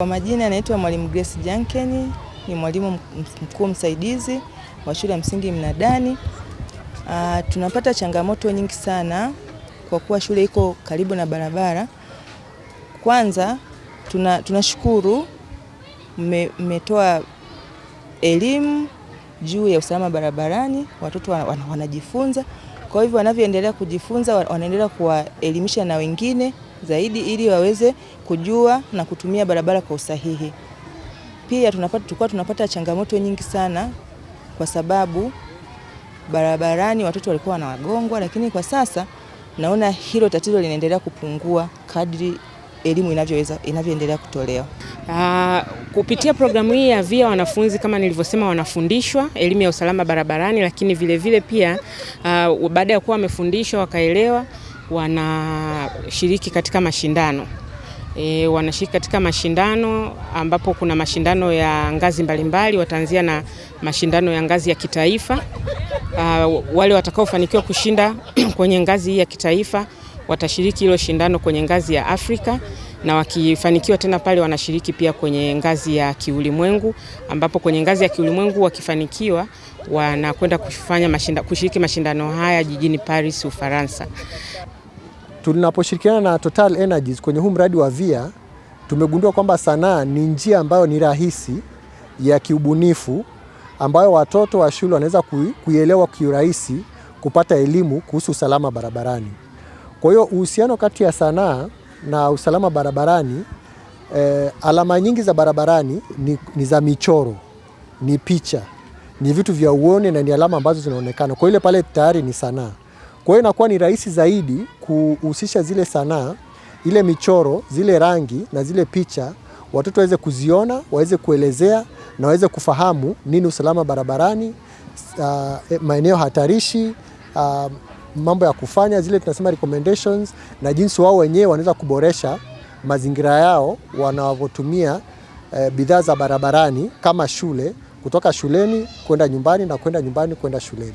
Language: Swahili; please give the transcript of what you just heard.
Kwa majina anaitwa Mwalimu Grace Jankeni, ni mwalimu mkuu msaidizi wa shule ya msingi Mnadani. Aa, ah, tunapata changamoto nyingi sana kwa kuwa shule iko karibu na barabara. Kwanza tunashukuru mmetoa mmetoa elimu juu ya usalama barabarani, watoto wanajifunza. Kwa hivyo wanavyoendelea kujifunza, wanaendelea kuwaelimisha na wengine zaidi ili waweze kujua na kutumia barabara kwa usahihi. Pia tunapata, tulikuwa tunapata changamoto nyingi sana kwa sababu barabarani watoto walikuwa wanawagongwa, lakini kwa sasa naona hilo tatizo linaendelea kupungua kadri elimu inavyoweza inavyoendelea kutolewa. Uh, kupitia programu hii ya VIA wanafunzi kama nilivyosema, wanafundishwa elimu ya usalama barabarani, lakini vilevile vile pia uh, baada ya kuwa wamefundishwa wakaelewa wanashiriki katika mashindano e, wanashiriki katika mashindano ambapo kuna mashindano ya ngazi mbalimbali, wataanzia na mashindano ya ngazi ya kitaifa. Uh, wale watakaofanikiwa kushinda kwenye ngazi hii ya kitaifa watashiriki hilo shindano kwenye ngazi ya Afrika na wakifanikiwa tena pale wanashiriki pia kwenye ngazi ya kiulimwengu, ambapo kwenye ngazi ya kiulimwengu wakifanikiwa wanakwenda kufanya mashinda, kushiriki mashindano haya jijini Paris, Ufaransa. Tunaposhirikiana na Total Energies kwenye huu mradi wa VIA tumegundua kwamba sanaa ni njia ambayo ni rahisi ya kiubunifu ambayo watoto wa shule wanaweza kuielewa kiurahisi kupata elimu kuhusu usalama barabarani. Kwa hiyo uhusiano kati ya sanaa na usalama barabarani eh, alama nyingi za barabarani ni, ni za michoro, ni picha, ni vitu vya uone na ni alama ambazo zinaonekana. Kwa ile pale tayari ni sanaa. Kwa hiyo inakuwa ni rahisi zaidi kuhusisha zile sanaa, ile michoro, zile rangi na zile picha, watoto waweze kuziona, waweze kuelezea na waweze kufahamu nini usalama barabarani, uh, maeneo hatarishi, uh, mambo ya kufanya, zile tunasema recommendations na jinsi wao wenyewe wanaweza kuboresha mazingira yao wanavyotumia eh, bidhaa za barabarani kama shule, kutoka shuleni kwenda nyumbani na kwenda nyumbani kwenda shuleni.